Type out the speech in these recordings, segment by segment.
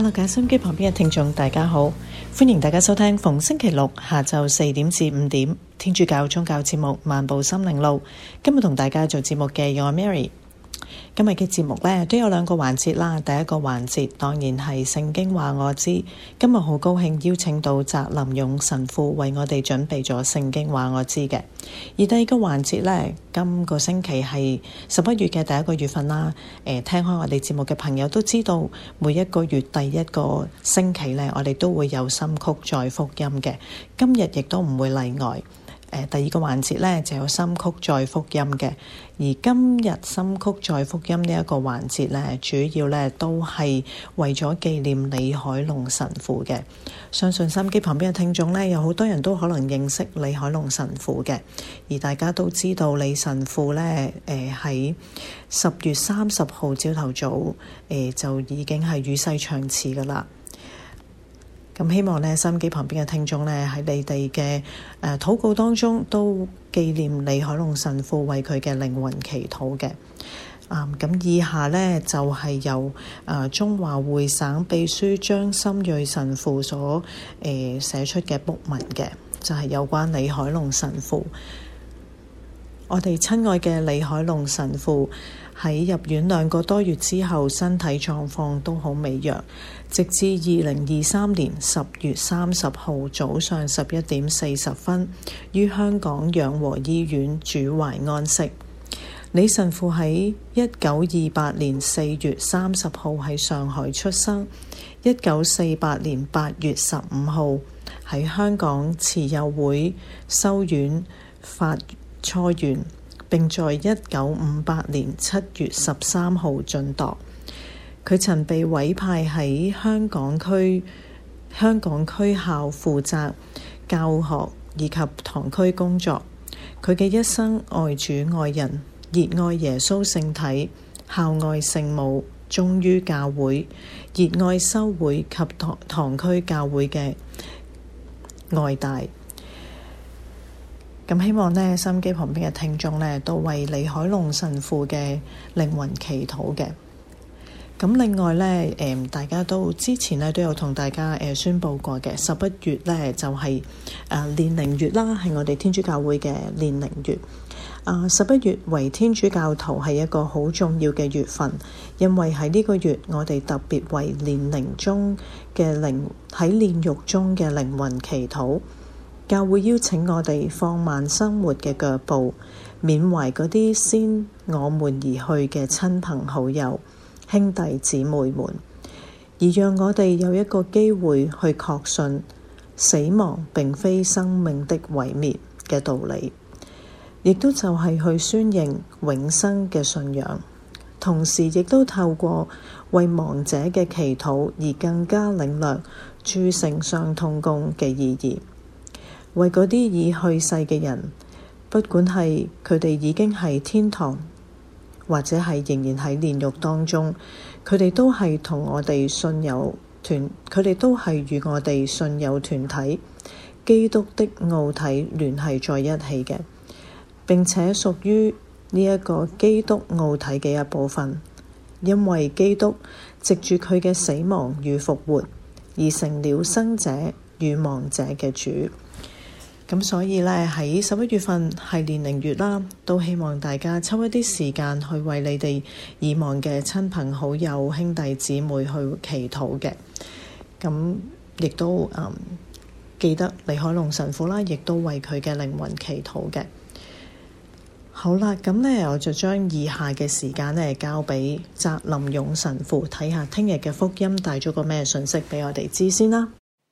Hello，收音機旁邊嘅聽眾，大家好，歡迎大家收聽逢星期六下晝四點至五點天主教宗教節目《漫步心靈路》。今日同大家做節目嘅有阿 Mary。今日嘅節目呢都有兩個環節啦，第一個環節當然係《聖經話我知》，今日好高興邀請到澤林勇神父為我哋準備咗《聖經話我知》嘅。而第二個環節呢，今個星期係十一月嘅第一個月份啦。誒、呃，聽開我哋節目嘅朋友都知道，每一個月第一個星期呢，我哋都會有心曲載福音嘅。今日亦都唔會例外。誒、呃、第二個環節咧，就有心曲載福音嘅。而今日心曲載福音呢一個環節咧，主要咧都係為咗紀念李海龍神父嘅。相信收音機旁邊嘅聽眾咧，有好多人都可能認識李海龍神父嘅，而大家都知道李神父咧，誒喺十月三十號朝頭早，誒、呃、就已經係與世長辭噶啦。咁希望呢，收音機旁邊嘅聽眾呢，喺你哋嘅誒禱告當中，都紀念李海龍神父為佢嘅靈魂祈禱嘅。咁、嗯、以下呢，就係、是、由誒中華會省秘書張心睿神父所誒寫、呃、出嘅卜文嘅，就係、是、有關李海龍神父。我哋親愛嘅李海龍神父。喺入院兩個多月之後，身體狀況都好微弱，直至二零二三年十月三十號早上十一點四十分，於香港養和醫院主懷安息。李神父喺一九二八年四月三十號喺上海出生，一九四八年八月十五號喺香港慈幼會修院發初願。並在一九五八年七月十三號晉鐸。佢曾被委派喺香港區香港區校負責教學以及堂區工作。佢嘅一生愛主愛人，熱愛耶穌聖體，孝愛聖母，忠於教會，熱愛修會及堂堂區教會嘅愛戴。咁希望呢收音機旁邊嘅聽眾呢，都為李海龍神父嘅靈魂祈禱嘅。咁另外呢，誒，大家都之前呢都有同大家誒宣布過嘅，十一月呢就係誒煉靈月啦，係我哋天主教會嘅年靈月煉靈月。啊、呃，十一月為天主教徒係一個好重要嘅月份，因為喺呢個月我哋特別為煉靈中嘅靈喺煉獄中嘅靈魂祈禱。教會邀請我哋放慢生活嘅腳步，緬懷嗰啲先我們而去嘅親朋好友、兄弟姊妹們，而讓我哋有一個機會去確信死亡並非生命的毀滅嘅道理，亦都就係去宣揚永生嘅信仰，同時亦都透過為亡者嘅祈禱而更加領略諸聖相通功嘅意義。為嗰啲已去世嘅人，不管係佢哋已經係天堂，或者係仍然喺煉獄當中，佢哋都係同我哋信友團，佢哋都係與我哋信友團體基督的奧體聯繫在一起嘅。並且屬於呢一個基督奧體嘅一部分，因為基督藉住佢嘅死亡與復活，而成了生者與亡者嘅主。咁所以呢，喺十一月份係煉靈月啦，都希望大家抽一啲時間去為你哋已亡嘅親朋好友、兄弟姊妹去祈禱嘅。咁亦都嗯，記得李海龍神父啦，亦都為佢嘅靈魂祈禱嘅。好啦，咁呢，我就將以下嘅時間呢，交俾翟林勇神父睇下，聽日嘅福音帶咗個咩信息俾我哋知先啦。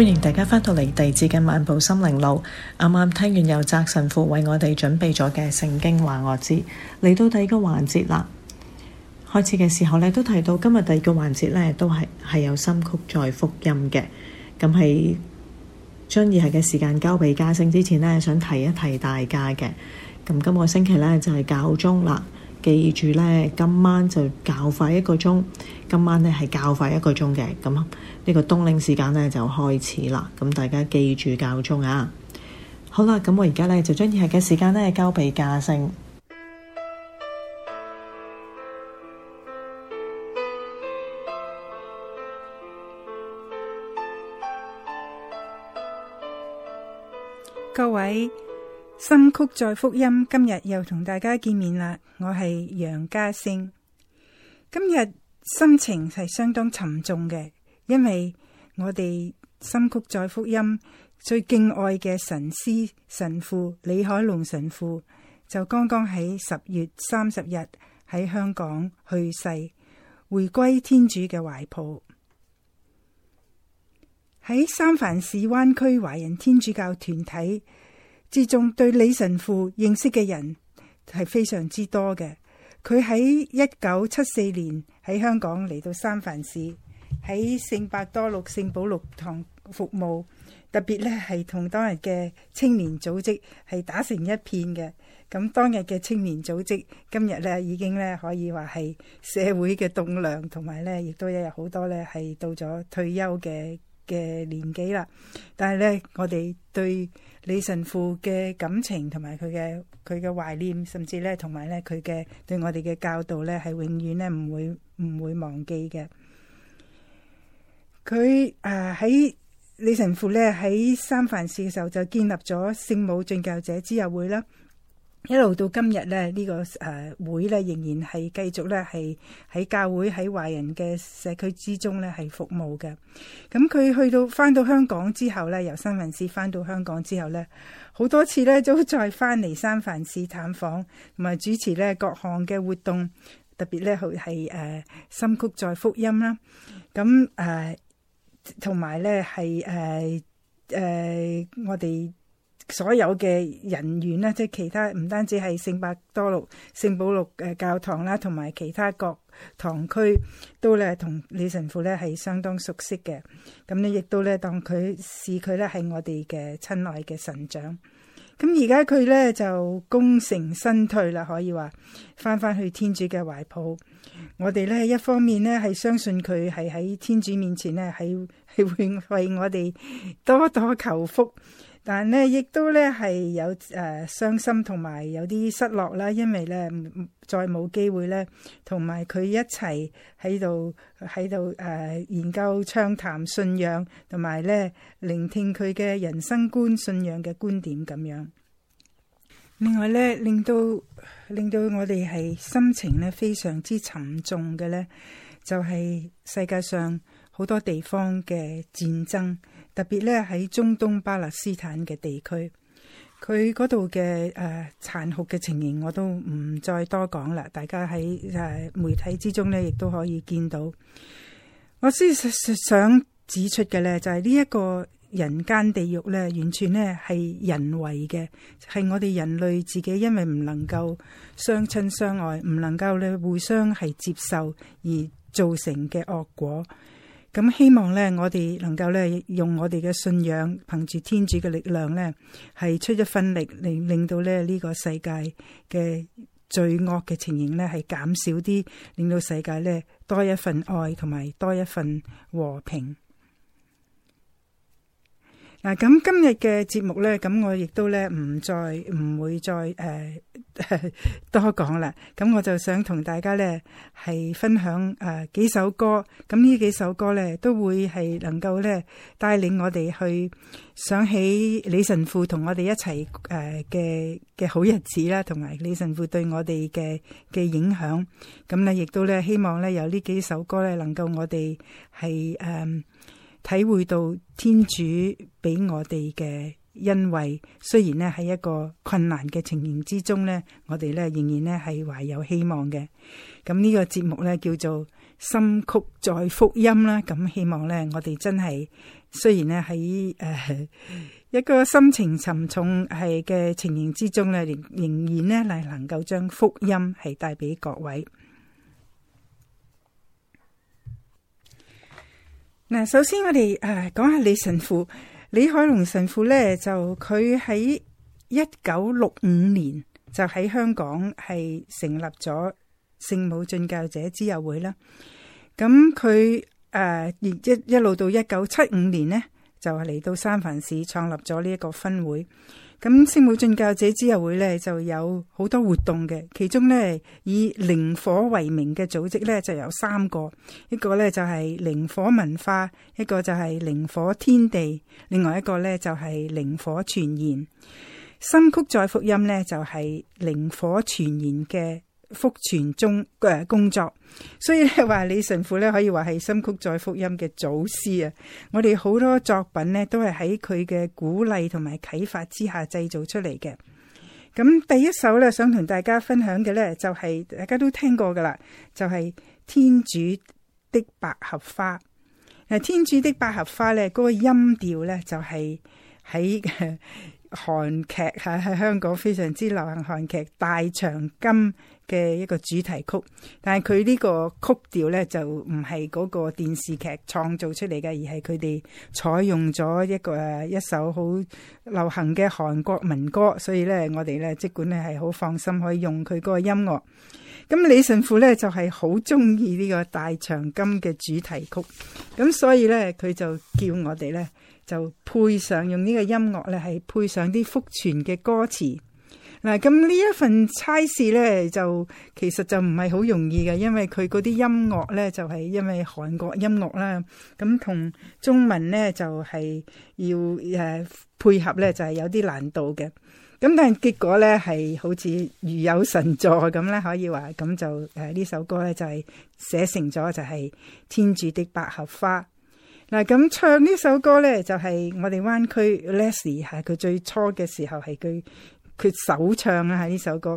歡迎大家返到嚟地址嘅漫步心靈路，啱啱聽完由澤神父為我哋準備咗嘅聖經話我知，嚟到第二個環節啦。開始嘅時候呢都提到今日第二個環節呢，都係係有心曲載福音嘅，咁喺將以下嘅時間交俾嘉升之前呢，想提一提大家嘅。咁今個星期呢，就係、是、教宗啦。記住咧，今晚就較快一個鐘。今晚咧係較快一個鐘嘅，咁呢個冬令時間咧就開始啦。咁大家記住教鐘啊！好啦，咁我而家咧就將以下嘅時間咧交俾嘉盛，各位。心曲載福音，今日又同大家見面啦！我係楊家盛，今日心情係相當沉重嘅，因為我哋心曲載福音最敬愛嘅神師神父李海龍神父，就剛剛喺十月三十日喺香港去世，回歸天主嘅懷抱。喺三藩市灣區華人天主教團體，始終對李神父認識嘅人係非常之多嘅，佢喺一九七四年喺香港嚟到三藩市喺聖伯多祿聖保祿堂服務，特別咧係同當日嘅青年組織係打成一片嘅。咁當日嘅青年組織今日咧已經咧可以話係社會嘅棟梁，同埋咧亦都有好多咧係到咗退休嘅嘅年紀啦。但係咧，我哋對李神父嘅感情同埋佢嘅佢嘅懷念，甚至咧同埋咧佢嘅對我哋嘅教導咧，係永遠咧唔會唔會忘記嘅。佢啊喺李神父咧喺三藩市嘅時候就建立咗聖母進教者之友會啦。一路到今日咧，這個啊、呢個誒會咧仍然係繼續咧，係喺教會喺華人嘅社區之中咧係服務嘅。咁佢去到翻到香港之後咧，由三藩市翻到香港之後咧，好多次咧都再翻嚟三藩市探訪，同埋主持咧各項嘅活動，特別咧係誒心曲載福音啦。咁誒同埋咧係誒誒我哋。所有嘅人員咧，即係其他唔單止係聖伯多祿、聖保祿嘅教堂啦，同埋其他各堂區都咧，同李神父咧係相當熟悉嘅。咁你亦都咧當佢視佢咧係我哋嘅親愛嘅神長。咁而家佢咧就功成身退啦，可以話翻翻去天主嘅懷抱。我哋咧一方面咧係相信佢係喺天主面前咧，係係會為我哋多多求福。但咧，亦都咧係有誒傷心同埋有啲失落啦，因為咧再冇機會咧，同埋佢一齊喺度喺度誒研究暢談信仰，同埋咧聆聽佢嘅人生觀、信仰嘅觀點咁樣。另外咧，令到令到我哋係心情咧非常之沉重嘅咧，就係世界上好多地方嘅戰爭。特別咧喺中東巴勒斯坦嘅地區，佢嗰度嘅誒殘酷嘅情形，我都唔再多講啦。大家喺誒、呃、媒體之中呢，亦都可以見到。我事實上想指出嘅呢，就係呢一個人間地獄呢，完全呢係人為嘅，係我哋人類自己因為唔能夠相親相愛，唔能夠咧互相係接受而造成嘅惡果。咁希望咧，我哋能夠咧用我哋嘅信仰，憑住天主嘅力量咧，係出一份力，令令到咧呢個世界嘅罪惡嘅情形咧係減少啲，令到世界咧多一份愛同埋多一份和平。嗱，咁今日嘅節目呢，咁我亦都呢唔再唔會再誒多講啦。咁我就想同大家呢係分享誒幾首歌。咁呢幾首歌呢都會係能夠呢帶領我哋去想起李神父同我哋一齊誒嘅嘅好日子啦，同埋李神父對我哋嘅嘅影響。咁呢亦都呢希望呢有呢幾首歌呢能夠我哋係誒。體會到天主俾我哋嘅恩惠，雖然咧喺一個困難嘅情形之中咧，我哋咧仍然咧係懷有希望嘅。咁、這、呢個節目咧叫做《心曲載福音》啦，咁希望咧我哋真係雖然咧喺誒一個心情沉重係嘅情形之中咧，仍仍然咧係能夠將福音係帶俾各位。嗱，首先我哋誒講下李神父，李海龍神父咧，就佢喺一九六五年就喺香港係成立咗聖母進教者之友會啦。咁佢誒一一路到一九七五年呢，就係嚟到三藩市創立咗呢一個分會。咁聖母進教者之教會咧就有好多活動嘅，其中咧以靈火為名嘅組織咧就有三個，一個咧就係、是、靈火文化，一個就係靈火天地，另外一個咧就係、是、靈火傳言。心曲載福音咧就係、是、靈火傳言嘅。福傳中嘅、呃、工作，所以咧話李神父咧可以話係心曲載福音嘅祖師啊！我哋好多作品咧都係喺佢嘅鼓勵同埋啟發之下製造出嚟嘅。咁第一首咧想同大家分享嘅咧就係、是、大家都聽過噶啦，就係、是、天主的百合花。嗱，天主的百合花咧嗰個音調咧就係喺。 韓劇喺喺香港非常之流行，韓劇《大長今》嘅一個主題曲，但係佢呢個曲調呢就唔係嗰個電視劇創造出嚟嘅，而係佢哋採用咗一個一首好流行嘅韓國民歌，所以呢，我哋呢即管呢係好放心可以用佢嗰個音樂。咁李順富呢就係好中意呢個《大長今》嘅主題曲，咁所以呢，佢就叫我哋呢。就配上用呢個音樂咧，係配上啲福傳嘅歌詞。嗱，咁呢一份差事咧，就其實就唔係好容易嘅，因為佢啲音樂咧，就係、是、因為韓國音樂啦，咁同中文咧就係、是、要誒、呃、配合咧，就係、是、有啲難度嘅。咁但係結果咧，係好似如有神助咁咧，可以話咁就誒呢、呃、首歌咧就係、是、寫成咗就係天主的百合花。嗱，咁唱呢首歌咧，就係、是、我哋灣區 Leslie 係佢最初嘅時候係佢佢首唱啦。係呢首歌。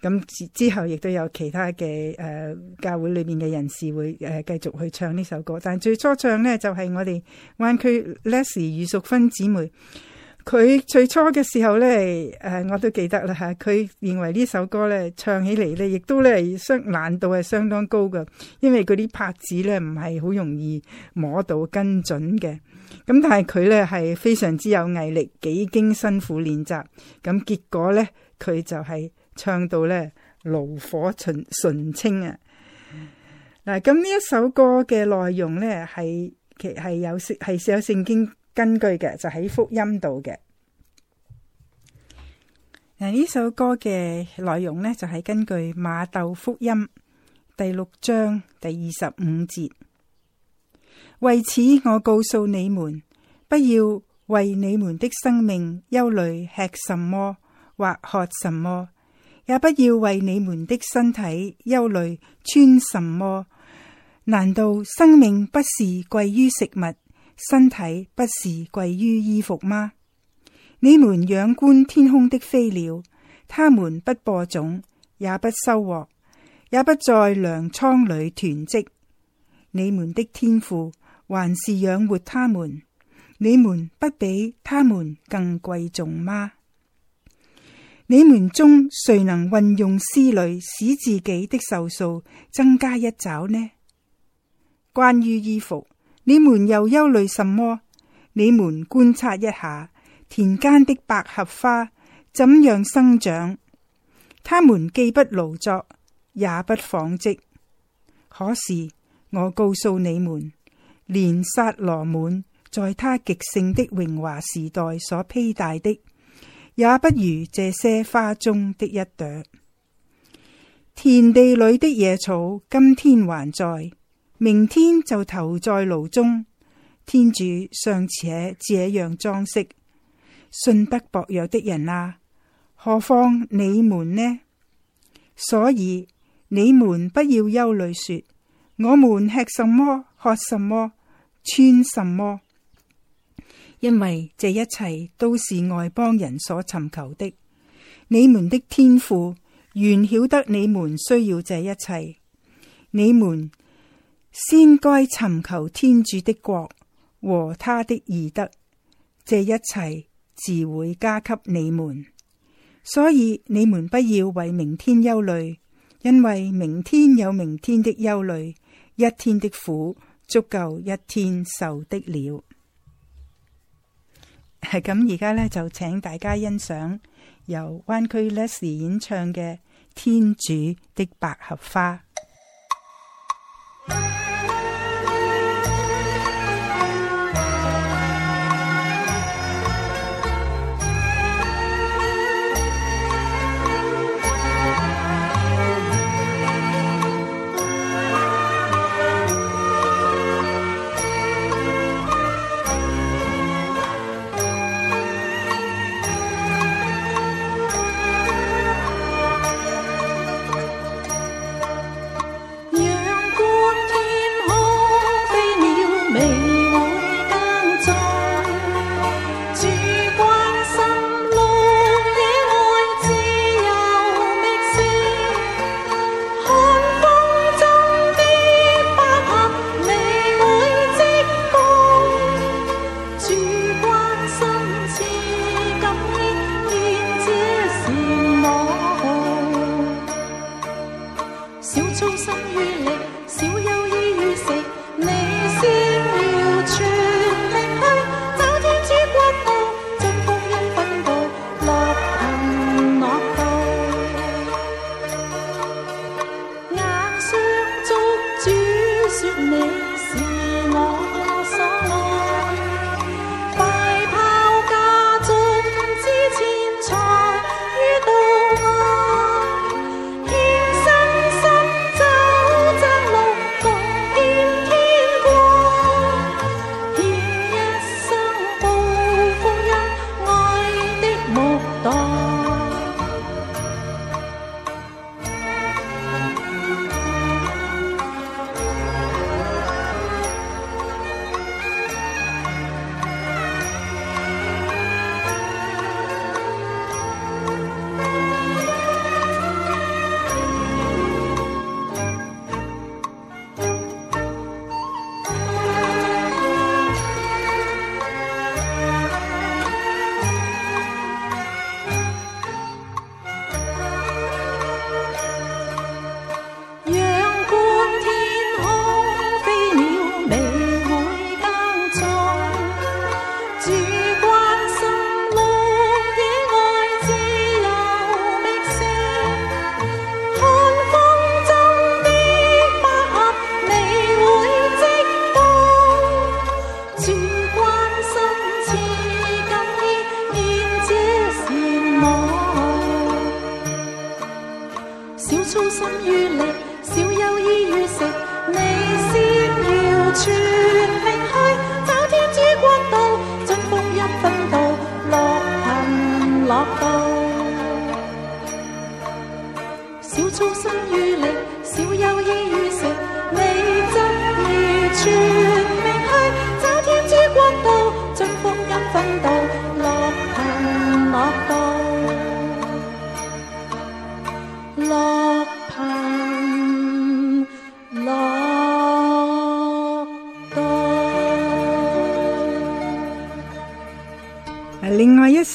咁之後亦都有其他嘅誒、呃、教會裏面嘅人士會誒繼、呃、續去唱呢首歌。但最初唱咧就係、是、我哋灣區 Leslie 與淑芬姊妹。佢最初嘅時候咧，誒，我都記得啦吓。佢認為呢首歌咧，唱起嚟咧，亦都咧相難度係相當高嘅，因為嗰啲拍子咧唔係好容易摸到跟準嘅。咁但係佢咧係非常之有毅力，幾經辛苦練習，咁結果咧佢就係唱到咧爐火純純青啊！嗱，咁呢一首歌嘅內容咧係其係有聖係有聖經。根據嘅就喺、是、福音度嘅。嗱，呢首歌嘅內容呢，就係根據馬竇福音第六章第二十五節。為此，我告訴你們，不要為你們的生命憂慮，吃什麼或喝什麼；也不要為你們的身體憂慮，穿什麼。難道生命不是貴於食物？身體不是貴於衣服嗎？你們仰觀天空的飛鳥，他們不播種，也不收穫，也不在糧倉裏囤積。你們的天父還是養活他們，你們不比他們更貴重嗎？你們中誰能運用思慮使自己的壽數增加一爪呢？關於衣服。你們又憂慮什麼？你們觀察一下田間的百合花怎樣生長，他們既不勞作，也不紡織。可是我告訴你們，連撒羅滿在他極盛的榮華時代所披戴的，也不如這些花中的一朵。田地裏的野草今天還在。明天就投在爐中，天主尚且這樣裝飾，信德薄弱的人啊，何況你們呢？所以你們不要憂慮，說我們吃什麼、喝什麼、穿什麼，因為這一切都是外邦人所尋求的。你們的天父，原曉得你們需要這一切，你們，先該尋求天主的國和他的義德，這一切自會加給你們。所以你們不要為明天憂慮，因為明天有明天的憂慮，一天的苦，足夠一天受的了。係咁，而家呢，就請大家欣賞由灣區 Leslie 演唱嘅《天主的百合花》。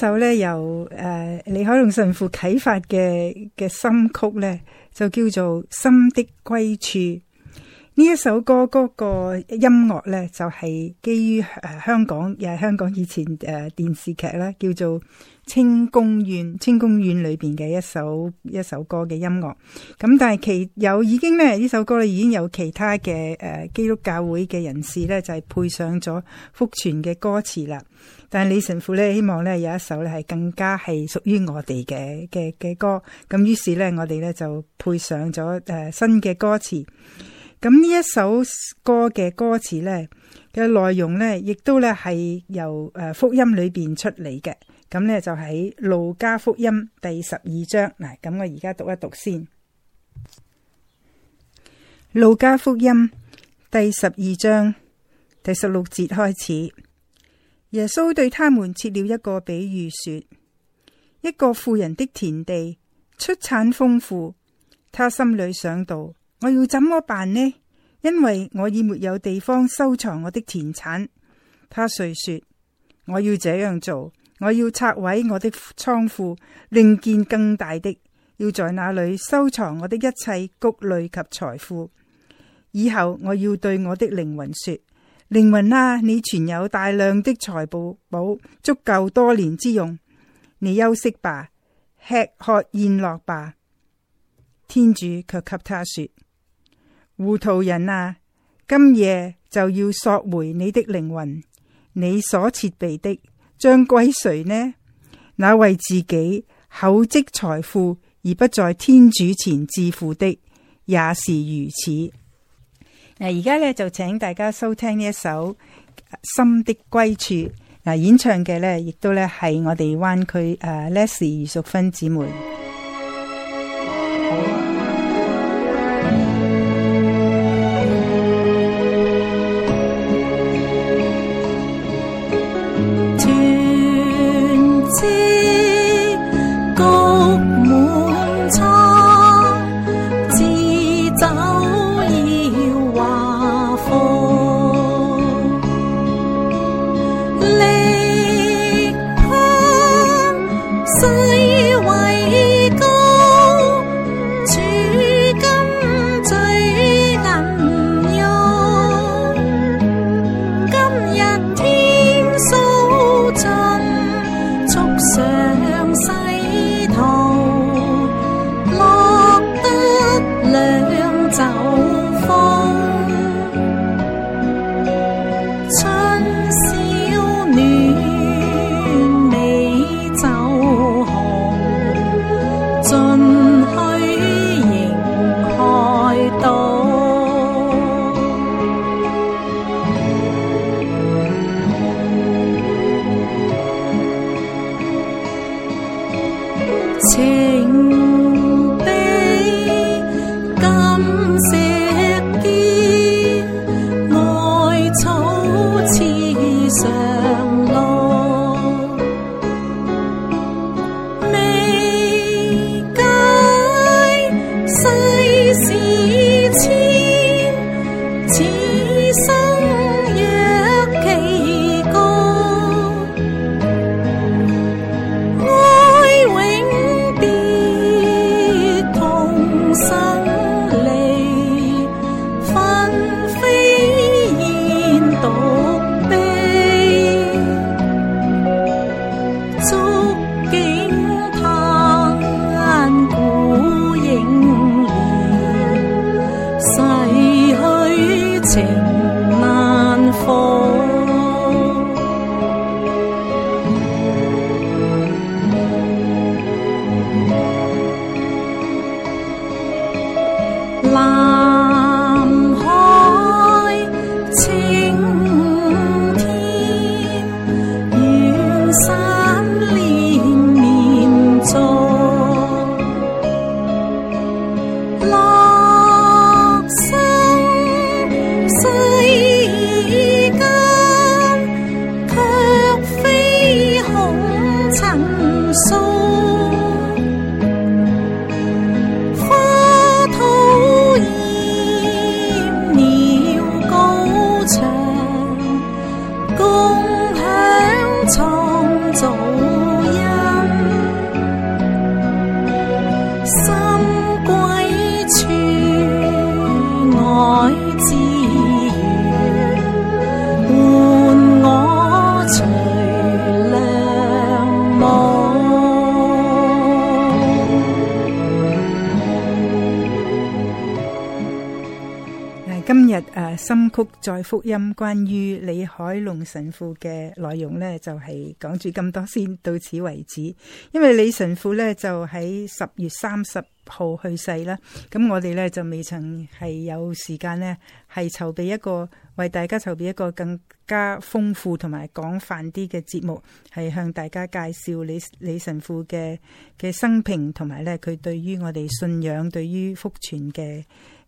有咧由誒李海龍神父啟發嘅嘅心曲咧，就叫做《心的歸處》。呢一首歌嗰個音樂咧，就係基於誒香港，又係香港以前誒電視劇咧，叫做《清宮怨》。《清宮怨》裏邊嘅一首一首歌嘅音樂，咁但係其有已經咧呢首歌已經有其他嘅誒基督教會嘅人士咧，就係、是、配上咗福傳嘅歌詞啦。但係李神父咧，希望咧有一首咧係更加係屬於我哋嘅嘅嘅歌。咁於是咧，我哋咧就配上咗誒新嘅歌詞。咁呢一首歌嘅歌詞咧嘅內容咧，亦都咧係由誒福音裏邊出嚟嘅。咁咧就喺路加福音第十二章。嗱，咁我而家讀一讀先。路加福音第十二章第十六節開始。耶穌對他們設了一個比喻，說：一個富人的田地出產豐富，他心裡想到：我要怎麼辦呢？因為我已沒有地方收藏我的田產。他遂說：我要這樣做，我要拆毀我的倉庫，另建更大的，要在那裡收藏我的一切穀類及財富。以後我要對我的靈魂說。靈魂啊，你存有大量的財寶，寶足夠多年之用。你休息吧，吃喝宴樂吧。天主卻給他說：糊塗人啊，今夜就要索回你的靈魂。你所設備的將歸誰呢？那為自己厚積財富而不在天主前致富的，也是如此。嗱，而家咧，就請大家收聽呢一首《心的歸處》，嗱，演唱嘅咧，亦都咧係我哋灣區誒 Leslie 余淑芬姊妹。再福音關於李海龍神父嘅內容呢，就係講住咁多先，到此為止。因為李神父呢，就喺十月三十號去世啦，咁我哋呢，就未曾係有時間呢，係籌備一個為大家籌備一個更加豐富同埋廣泛啲嘅節目，係向大家介紹李李神父嘅嘅生平同埋呢，佢對於我哋信仰、對於福傳嘅。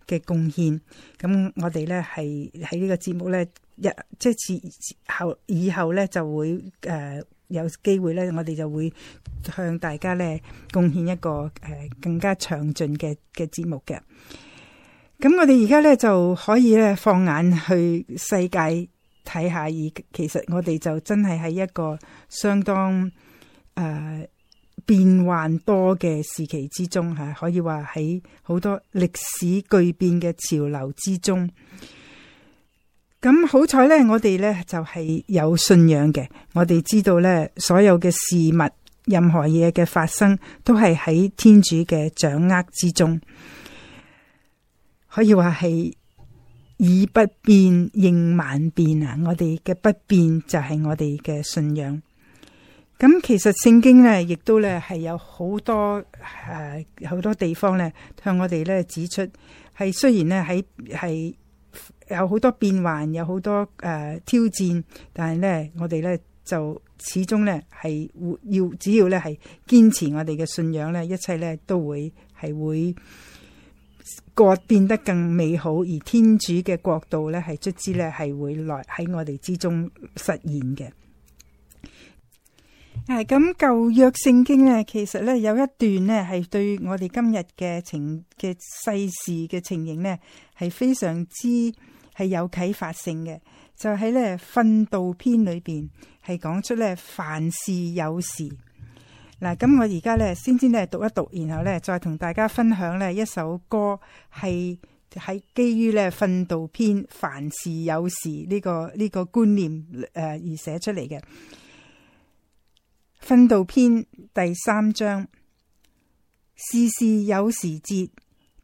嘅貢獻，咁我哋咧係喺呢個節目咧，日即係之後以後咧就會誒有機會咧，我哋就會向大家咧貢獻一個誒更加詳盡嘅嘅節目嘅。咁我哋而家咧就可以咧放眼去世界睇下，而其實我哋就真係喺一個相當誒。呃變幻多嘅時期之中，吓可以話喺好多歷史巨變嘅潮流之中。咁好彩呢，我哋呢就係有信仰嘅。我哋知道呢，所有嘅事物，任何嘢嘅發生，都係喺天主嘅掌握之中。可以話係以不變應萬變啊！我哋嘅不變就係我哋嘅信仰。咁其實聖經呢，亦都咧係有好多誒，好、呃、多地方咧向我哋咧指出，係雖然咧喺係有好多變幻，有好多誒、呃、挑戰，但係咧我哋咧就始終咧係活要，只要咧係堅持我哋嘅信仰咧，一切咧都會係會各變得更美好，而天主嘅國度咧係卒之咧係會來喺我哋之中實現嘅。係咁，舊約聖經咧，其實咧有一段呢係對我哋今日嘅情嘅世事嘅情形呢，係非常之係有啟發性嘅。就喺咧訓道篇裏邊，係講出咧凡事有時。嗱，咁我而家咧先先咧讀一讀，然後咧再同大家分享呢一首歌，係喺基於咧訓道篇凡事有時呢、這個呢、這個觀念誒、呃、而寫出嚟嘅。《訓道篇》第三章：事事有時節，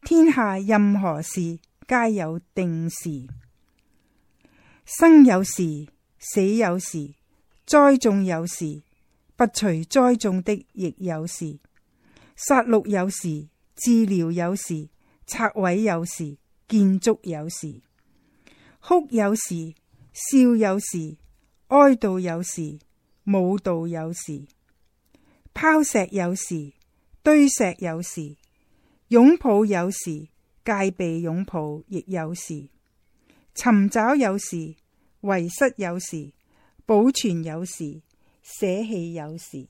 天下任何事皆有定時。生有時，死有時；栽種有時，不除栽種的亦有時。殺戮有時，治療有時；拆毀有時，建築有時；哭有時，笑有時，哀悼有時。舞蹈有時，拋石有時，堆石有時，擁抱有時，戒避擁抱亦有時，尋找有時，遺失有時，保存有時，捨棄有時，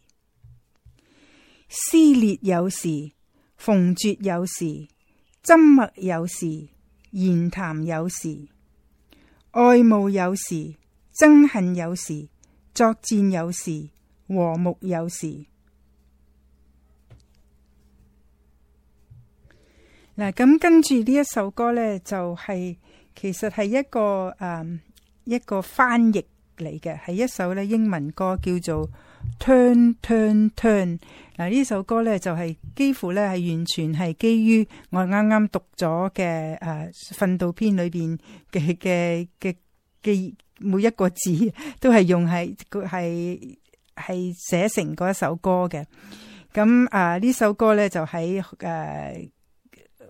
撕裂有時，縫綴有時，緘默有時，言談有時，愛慕有時，憎恨有時。作戰有時，和睦有時。嗱，咁跟住呢一首歌呢，就係、是、其實係一個誒、嗯、一個翻譯嚟嘅，係一首咧英文歌，叫做 Turn Turn Turn。嗱，呢首歌呢，就係、是、幾乎呢，係完全係基於我啱啱讀咗嘅誒訓道篇裏邊嘅嘅嘅嘅。每一個字都係用係個係係寫成嗰一首歌嘅，咁啊呢首歌咧就喺誒、啊、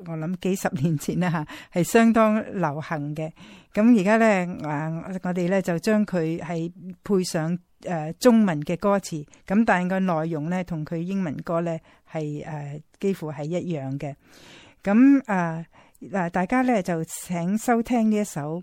我諗幾十年前啦吓，係相當流行嘅。咁而家咧啊，我哋咧就將佢係配上誒、啊、中文嘅歌詞，咁但係個內容咧同佢英文歌咧係誒幾乎係一樣嘅。咁啊嗱，大家咧就請收聽呢一首。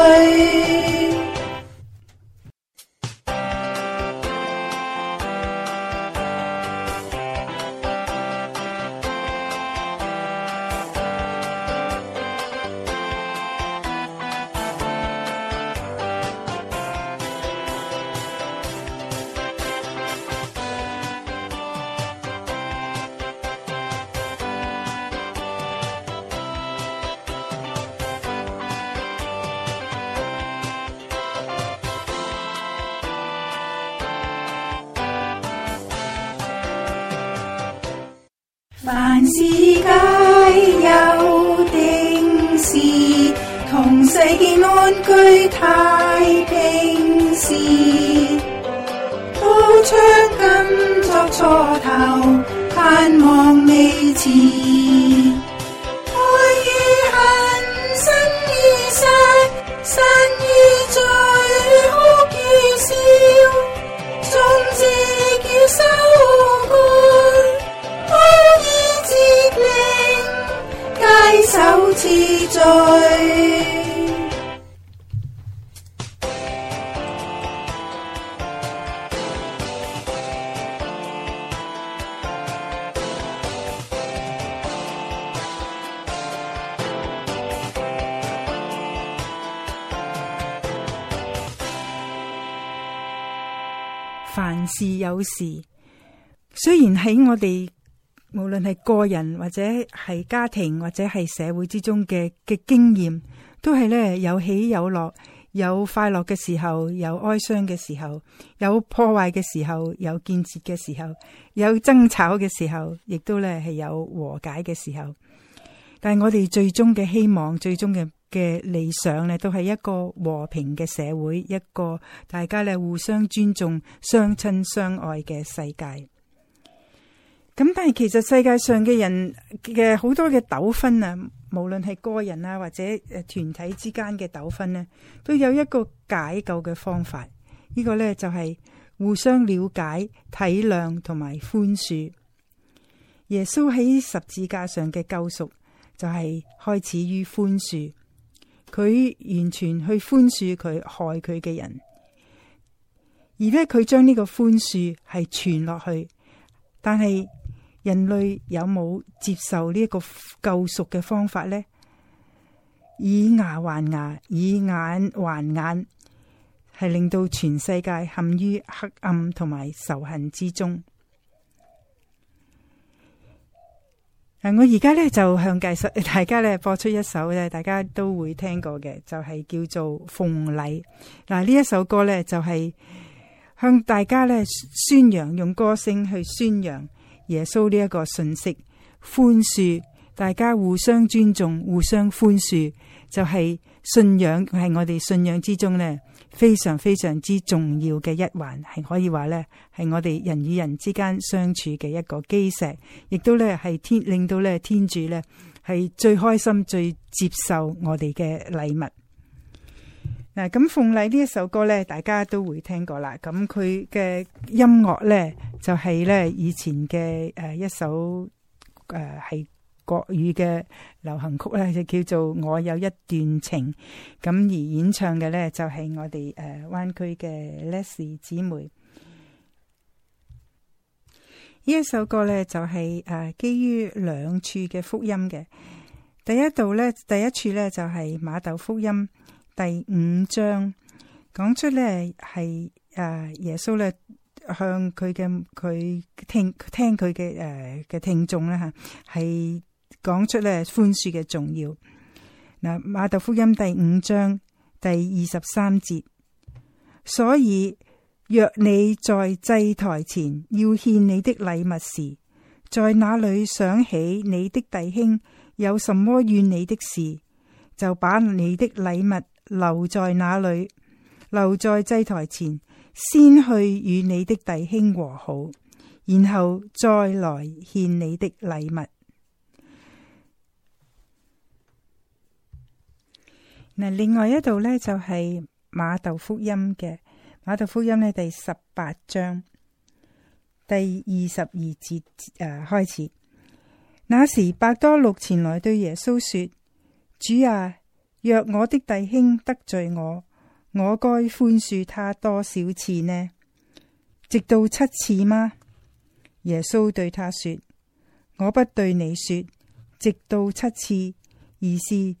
凡事有時，雖然喺我哋無論係個人或者係家庭或者係社會之中嘅嘅經驗，都係咧有喜有樂，有快樂嘅時候，有哀傷嘅時候，有破壞嘅時候，有建設嘅時候，有爭吵嘅時候，亦都咧係有和解嘅時候。但係我哋最終嘅希望，最終嘅。嘅理想呢都係一個和平嘅社會，一個大家呢互相尊重、相親相愛嘅世界。咁但係其實世界上嘅人嘅好多嘅糾紛啊，無論係個人啊或者團體之間嘅糾紛呢，都有一個解救嘅方法。呢個呢就係互相了解、體諒同埋寬恕。耶穌喺十字架上嘅救贖，就係開始於寬恕。佢完全去寬恕佢害佢嘅人，而咧佢將呢個寬恕係傳落去，但係人類有冇接受呢一個救贖嘅方法咧？以牙還牙，以眼還眼，係令到全世界陷於黑暗同埋仇恨之中。我而家咧就向介紹大家咧播出一首咧，大家都會聽過嘅，就係、是、叫做《鳳禮》。嗱，呢一首歌咧就係向大家咧宣揚，用歌聲去宣揚耶穌呢一個信息，寬恕大家互相尊重、互相寬恕，就係、是、信仰係我哋信仰之中呢。非常非常之重要嘅一環，係可以話呢，係我哋人與人之間相處嘅一個基石，亦都呢係天令到呢天主呢係最開心、最接受我哋嘅禮物。嗱，咁《奉禮》呢一首歌呢，大家都會聽過啦。咁佢嘅音樂呢，就係呢以前嘅誒一首誒係。呃國語嘅流行曲咧就叫做《我有一段情》，咁而演唱嘅咧就係我哋誒灣區嘅 Leslie 姊妹。呢一首歌咧就係誒基於兩處嘅福音嘅，第一度咧第一處咧就係、是、馬竇福音第五章，講出咧係誒耶穌咧向佢嘅佢聽聽佢嘅誒嘅聽眾咧吓係。講出咧寬恕嘅重要。嗱，馬竇福音第五章第二十三節，所以若你在祭台前要獻你的禮物時，在那裏想起你的弟兄有什麼怨你的事，就把你的禮物留在那裏，留在祭台前，先去與你的弟兄和好，然後再來獻你的禮物。另外一道呢，就是，就係瑪竇福音嘅瑪竇福音呢，第十八章第二十二節誒、呃、開始。那時伯多祿前來對耶穌說：主啊，若我的弟兄得罪我，我該寬恕他多少次呢？直到七次嗎？耶穌對他說：我不對你說，直到七次，而是。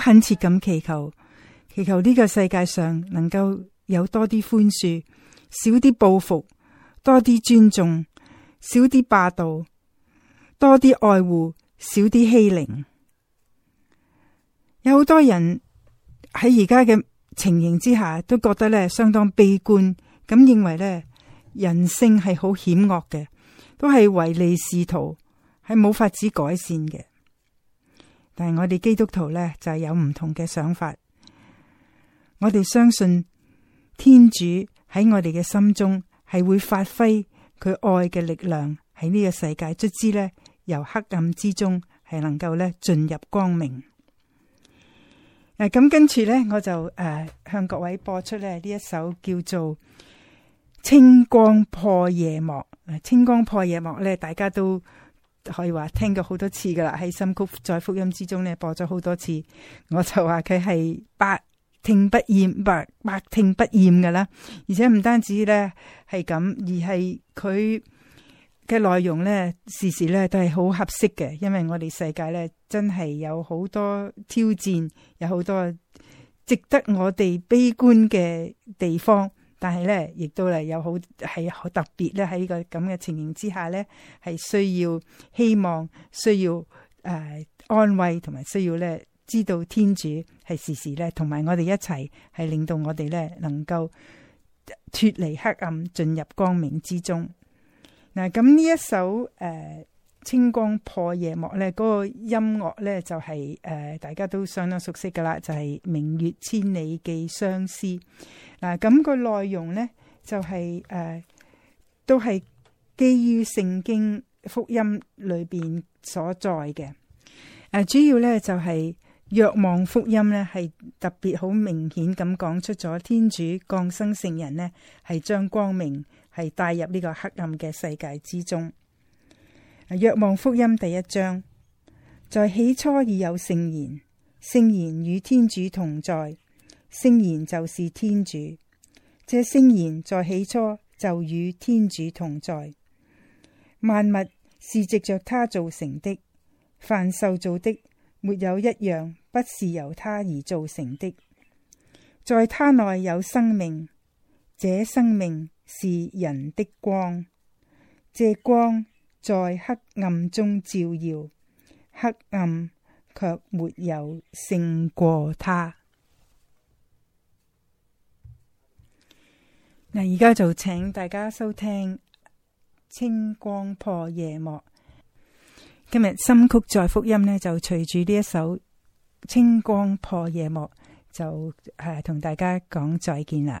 懇切咁祈求，祈求呢個世界上能夠有多啲寬恕，少啲報復，多啲尊重，少啲霸道，多啲愛護，少啲欺凌。有好多人喺而家嘅情形之下都覺得咧相當悲觀，咁認為咧人性係好險惡嘅，都係唯利是圖，係冇法子改善嘅。但係我哋基督徒呢，就係有唔同嘅想法，我哋相信天主喺我哋嘅心中係會發揮佢愛嘅力量喺呢個世界，卒之呢，由黑暗之中係能夠呢進入光明。誒，咁跟住呢，我就誒向各位播出呢呢一首叫做《青光破夜幕》。青光破夜幕呢，大家都。可以話聽過好多次噶啦，喺心曲載福音之中咧播咗好多次，我就話佢係百聽不厭，百百聽不厭噶啦。而且唔單止咧係咁，而係佢嘅內容咧，時時咧都係好合適嘅。因為我哋世界咧真係有好多挑戰，有好多值得我哋悲觀嘅地方。但係咧，亦都係有好，係好特別咧，喺呢個咁嘅情形之下咧，係需要希望，需要誒安慰，同埋需要咧知道天主係時時咧，同埋我哋一齊係令到我哋咧能夠脱離黑暗，進入光明之中。嗱，咁呢一首誒青光破夜幕咧，嗰個音樂咧就係誒大家都相當熟悉噶啦，就係明月千里寄相思。嗱，咁個內容呢，就係、是、誒、呃，都係基於聖經福音裏邊所在嘅。誒、呃，主要呢，就係、是《若望福音》呢，係特別好明顯咁講出咗天主降生聖人呢，係將光明係帶入呢個黑暗嘅世界之中。《若望福音》第一章，在起初已有聖言，聖言與天主同在。聖言就是天主，這聖言在起初就與天主同在，萬物是藉着他造成的，凡受造的沒有一樣不是由他而造成的，在他內有生命，這生命是人的光，這光在黑暗中照耀，黑暗卻沒有勝過他。嗱，而家就請大家收聽《青光破夜幕》。今日《心曲載福音》呢，就隨住呢一首《青光破夜幕》，就誒同大家講再見啦。